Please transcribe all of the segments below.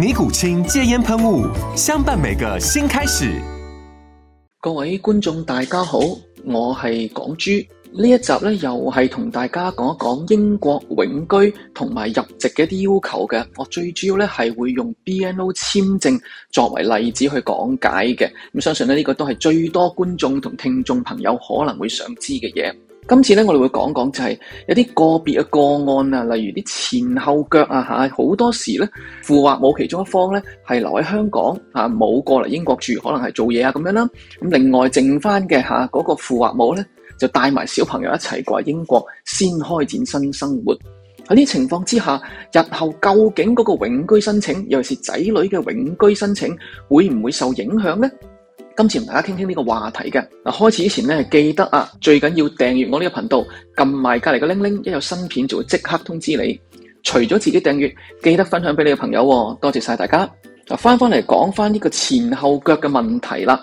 尼古清戒煙噴霧，相伴每個新開始。各位觀眾大家好，我係港豬。呢一集呢，又係同大家講一講英國永居同埋入籍嘅一啲要求嘅。我最主要係會用 BNO 簽證作為例子去講解嘅、嗯。相信呢這呢個都係最多觀眾同聽眾朋友可能會想知嘅嘢。今次咧，我哋會講講就係、是、有啲個別嘅個案啊，例如啲前後腳啊吓，好多時咧，父或母其中一方咧係留喺香港啊，冇過嚟英國住，可能係做嘢啊咁樣啦。咁另外剩翻嘅吓嗰個父或母咧，就帶埋小朋友一齊過嚟英國，先開展新生活。喺呢情況之下，日後究竟嗰個永居申請，尤其是仔女嘅永居申請，會唔會受影響呢？今次同大家傾傾呢個話題嘅，嗱，開始之前呢，記得啊，最緊要訂閱我呢個頻道，撳埋隔離嘅鈴鈴，一有新片就會即刻通知你。除咗自己訂閱，記得分享俾你嘅朋友喎，哦。多謝晒大家。嗱，翻返嚟講翻呢個前後腳嘅問題啦，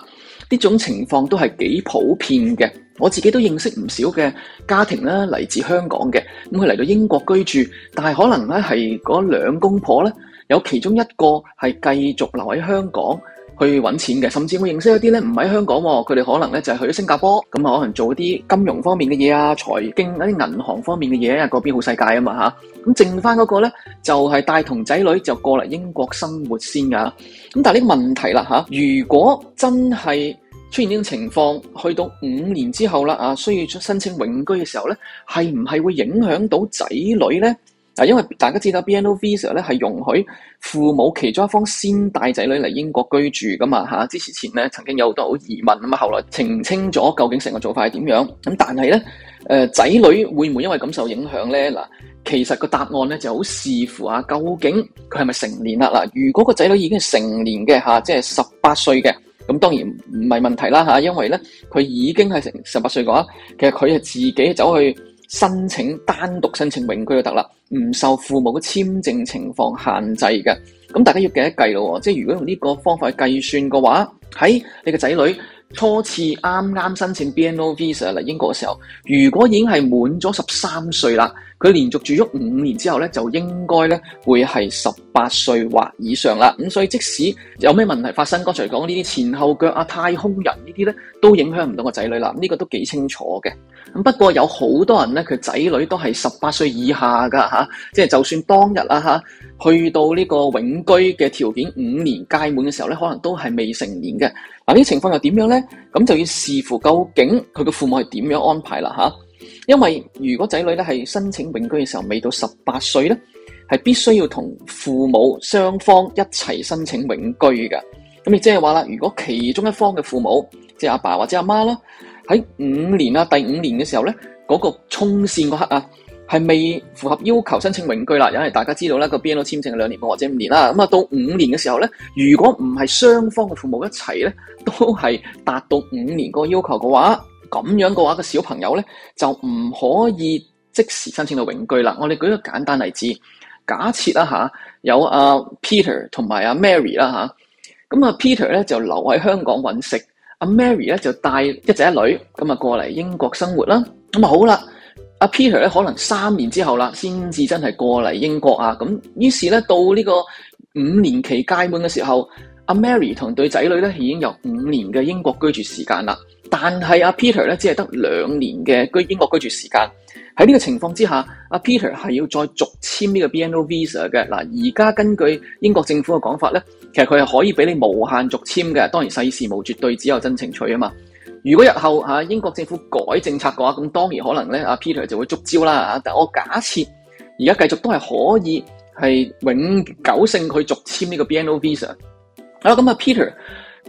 呢種情況都係幾普遍嘅。我自己都認識唔少嘅家庭呢，嚟自香港嘅，咁，佢嚟到英國居住，但係可能呢係嗰兩公婆呢，有其中一個係繼續留喺香港。去揾錢嘅，甚至會認識一啲咧唔喺香港喎，佢哋可能咧就係去咗新加坡，咁啊可能做一啲金融方面嘅嘢啊、財經一啲銀行方面嘅嘢啊，嗰邊好世界啊嘛吓，咁剩翻嗰個呢，就係帶同仔女就過嚟英國生活先噶，咁但係呢個問題啦吓，如果真係出現呢種情況，去到五年之後啦啊，需要申請永居嘅時候呢，係唔係會影響到仔女呢？啊，因為大家知道 BNO Visa 咧係容許父母其中一方先帶仔女嚟英國居住噶嘛嚇。之前前咧曾經有好多疑問啊嘛，後來澄清咗究竟成個做法係點樣咁，但係咧誒仔女會唔會因為咁受影響咧嗱？其實個答案咧就好視乎啊，究竟佢係咪成年啦嗱？如果個仔女已經係成年嘅嚇，即係十八歲嘅咁，當然唔係問題啦嚇，因為咧佢已經係成十八歲嘅話，其實佢係自己走去申請單獨申請永居就得啦。唔受父母嘅簽證情況限制嘅，咁大家要計一計咯，即係如果用呢個方法去計算嘅話，喺、哎、你嘅仔女，初次啱啱申請 BNO Visa 嚟英國嘅時候，如果已經係滿咗十三歲啦，佢連續住咗五年之後咧，就應該咧會係十八歲或以上啦。咁所以即使有咩問題發生，剛才講呢啲前後腳啊太空人呢啲咧，都影響唔到個仔女啦。呢個都幾清楚嘅。咁不過有好多人咧，佢仔女都係十八歲以下噶嚇，即係就算當日啊嚇，去到呢個永居嘅條件五年屆滿嘅時候咧，可能都係未成年嘅。嗱，呢、啊、情況又點樣呢？咁就要視乎究竟佢嘅父母係點樣安排啦，吓、啊。因為如果仔女咧係申請永居嘅時候未到十八歲呢，係必須要同父母雙方一齊申請永居嘅。咁亦即係話啦，如果其中一方嘅父母，即係阿爸、爸或者阿媽啦，喺五年啊第五年嘅時候呢，嗰、嗰個衝綫嗰刻啊。係未符合要求申請永居啦，因為大家知道呢個 BNO 簽證嘅兩年或者五年啦，咁啊到五年嘅時候咧，如果唔係雙方嘅父母一齊咧，都係達到五年個要求嘅話，咁樣嘅話個小朋友咧就唔可以即時申請到永居啦。我哋舉一個簡單例子，假設啦吓，有阿 Peter 同埋阿 Mary 啦吓，咁啊 Peter 咧就留喺香港揾食，阿 Mary 咧就帶一仔一女咁啊過嚟英國生活啦，咁啊好啦。阿 Peter 咧可能三年之後啦，先至真係過嚟英國啊！咁於是咧到呢個五年期屆滿嘅時候，阿 Mary 同對仔女咧已經有五年嘅英國居住時間啦。但係阿 Peter 咧只係得兩年嘅居英國居住時間。喺呢個情況之下，阿 Peter 係要再續簽呢個 BNO Visa 嘅。嗱，而家根據英國政府嘅講法咧，其實佢係可以俾你無限續簽嘅。當然世事無絕對，只有真情趣啊嘛。如果日後嚇英國政府改政策嘅話，咁當然可能咧，阿 Peter 就會捉招啦嚇。但我假設而家繼續都係可以係永久性去續簽呢個 BNO Visa。好啦，咁啊 Peter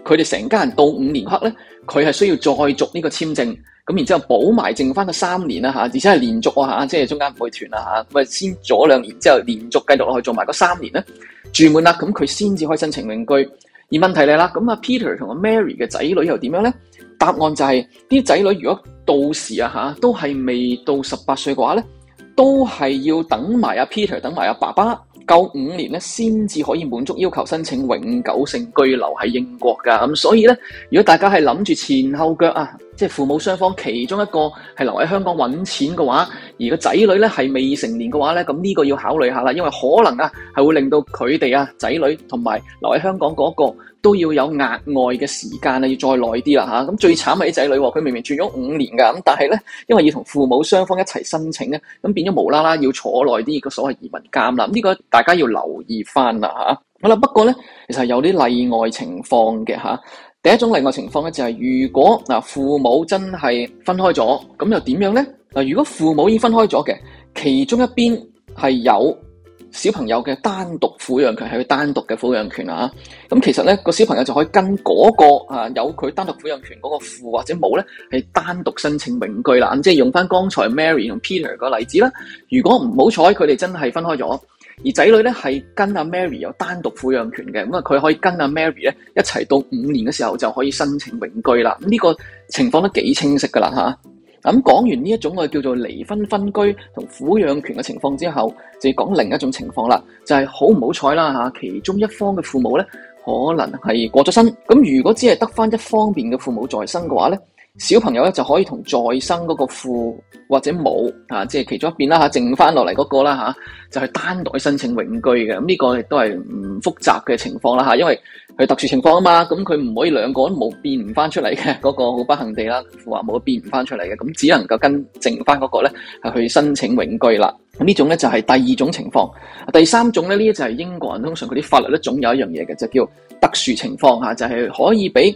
佢哋成家人到五年刻咧，佢係需要再續呢個簽證。咁然之後補埋剩翻個三年啦吓，而且係連續啊嚇，即係中間唔會斷啦嚇。咁咪先咗兩年之後連續繼續落去做埋嗰三年咧，住滿啦，咁佢先至可以申請永居。而問題嚟啦，咁阿 Peter 同阿 Mary 嘅仔女又點樣咧？答案就係啲仔女，如果到時啊吓都係未到十八歲嘅話咧，都係要等埋阿 Peter 等埋阿爸爸夠五年咧，先至可以滿足要求申請永久性居留喺英國噶。咁所以咧，如果大家係諗住前後腳啊。即係父母雙方其中一個係留喺香港揾錢嘅話，而個仔女咧係未成年嘅話咧，咁、這、呢個要考慮一下啦，因為可能啊係會令到佢哋啊仔女同埋留喺香港嗰、那個都要有額外嘅時間啊，要再耐啲啦嚇。咁、啊、最慘係啲仔女喎，佢明明住咗五年噶，咁但係咧因為要同父母雙方一齊申請咧，咁、啊、變咗無啦啦要坐耐啲個所謂移民監啦。咁、這、呢個大家要留意翻啦、啊、好啦，不過咧其實有啲例外情況嘅嚇。第一種例外情況咧、就是，就係如果嗱父母真係分開咗，咁又點樣呢？嗱，如果父母已經分開咗嘅，其中一邊係有小朋友嘅單獨撫養權，係佢單獨嘅撫養權啊，咁其實呢、那個小朋友就可以跟嗰、嗰個啊有佢單獨撫養權嗰個父或者母呢，係單獨申請永居啦，即係用翻剛才 Mary 同 Peter 個例子啦。如果唔好彩，佢哋真係分開咗。而仔女咧係跟阿 Mary 有單獨撫養權嘅，咁啊佢可以跟阿 Mary 咧一齊到五年嘅時候就可以申請永居啦。呢個情況都幾清晰噶啦吓。咁講完呢一種我叫做離婚分居同撫養權嘅情況之後，就要講另一種情況啦，就係好唔好彩啦吓，其中一方嘅父母咧可能係過咗身。咁如果只係得翻一方面嘅父母在生嘅話咧。小朋友咧就可以同再生嗰個父或者母即係、啊就是、其中一邊啦嚇，剩翻落嚟嗰個啦、啊、就去單獨申請永居嘅。咁呢個亦都係唔複雜嘅情況啦、啊、因為佢特殊情況啊嘛。咁佢唔可以兩個都冇變唔翻出嚟嘅嗰個好不幸地啦、啊，父或母變唔翻出嚟嘅，咁只能夠跟剩翻嗰個咧係去申請永居啦。咁呢種咧就係、是、第二種情況。第三種咧呢就係英國人通常佢啲法律咧總有一樣嘢嘅，就叫特殊情況嚇、啊，就係、是、可以俾。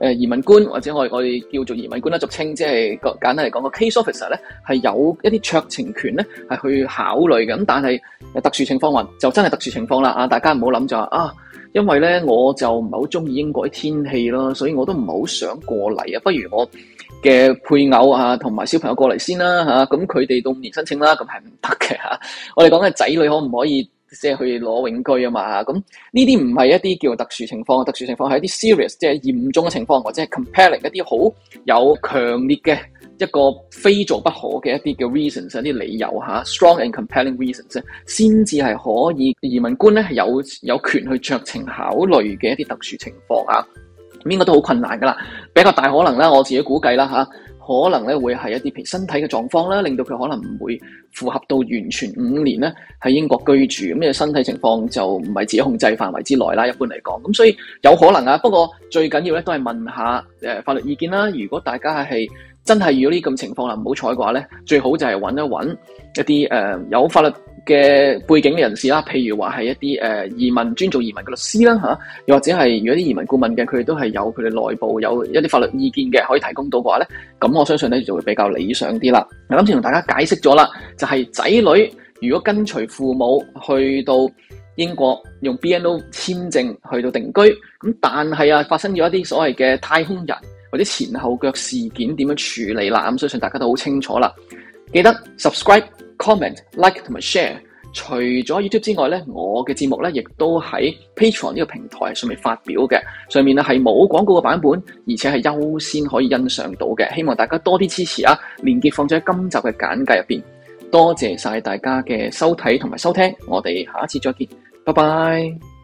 誒移民官或者我我哋叫做移民官啦，俗稱即係簡單嚟講個 case officer 咧，係有一啲酌情權咧，係去考慮嘅。咁但係特殊情況話就真係特殊情況啦。啊，大家唔好諗就話啊，因為咧我就唔係好中意英國啲天氣啦，所以我都唔係好想過嚟啊。不如我嘅配偶啊，同埋小朋友過嚟先啦嚇。咁佢哋到五年申請啦，咁係唔得嘅嚇。我哋講緊仔女可唔可以？即係去攞永居啊嘛，咁呢啲唔係一啲叫特殊情況，特殊情況係一啲 serious，即係嚴重嘅情況，或者係 compelling 一啲好有強烈嘅一個非做不可嘅一啲嘅 reasons 一啲理由吓 strong and compelling reasons 先至係可以移民官咧係有有權去酌情考慮嘅一啲特殊情況啊，應該都好困難噶啦，比較大可能啦，我自己估計啦嚇。可能咧會係一啲譬如身體嘅狀況啦，令到佢可能唔會符合到完全五年咧喺英國居住，咁嘅身體情況就唔係自己控制範圍之內啦。一般嚟講，咁所以有可能啊。不過最緊要咧都係問下、呃、法律意見啦。如果大家係真係遇到呢咁情況啦，唔好彩嘅話咧，最好就係揾一揾一啲誒、呃、有法律。嘅背景嘅人士啦，譬如話，係一啲誒移民專做移民嘅律師啦，嚇，又或者係如果啲移民顧問嘅，佢哋都係有佢哋內部有一啲法律意見嘅，可以提供到嘅話咧，咁我相信咧就會比較理想啲啦。嗱，今次同大家解釋咗啦，就係仔女如果跟隨父母去到英國用 BNO 簽證去到定居，咁但係啊發生咗一啲所謂嘅太空人或者前後腳事件點樣處理啦，咁相信大家都好清楚啦。記得 subscribe。comment、like 同埋 share。除咗 YouTube 之外咧，我嘅節目咧亦都喺 Patreon 呢個平台上面發表嘅，上面咧係冇廣告嘅版本，而且係優先可以欣賞到嘅。希望大家多啲支持啊！連結放咗喺今集嘅簡介入邊。多謝晒大家嘅收睇同埋收聽，我哋下一次再見，拜拜。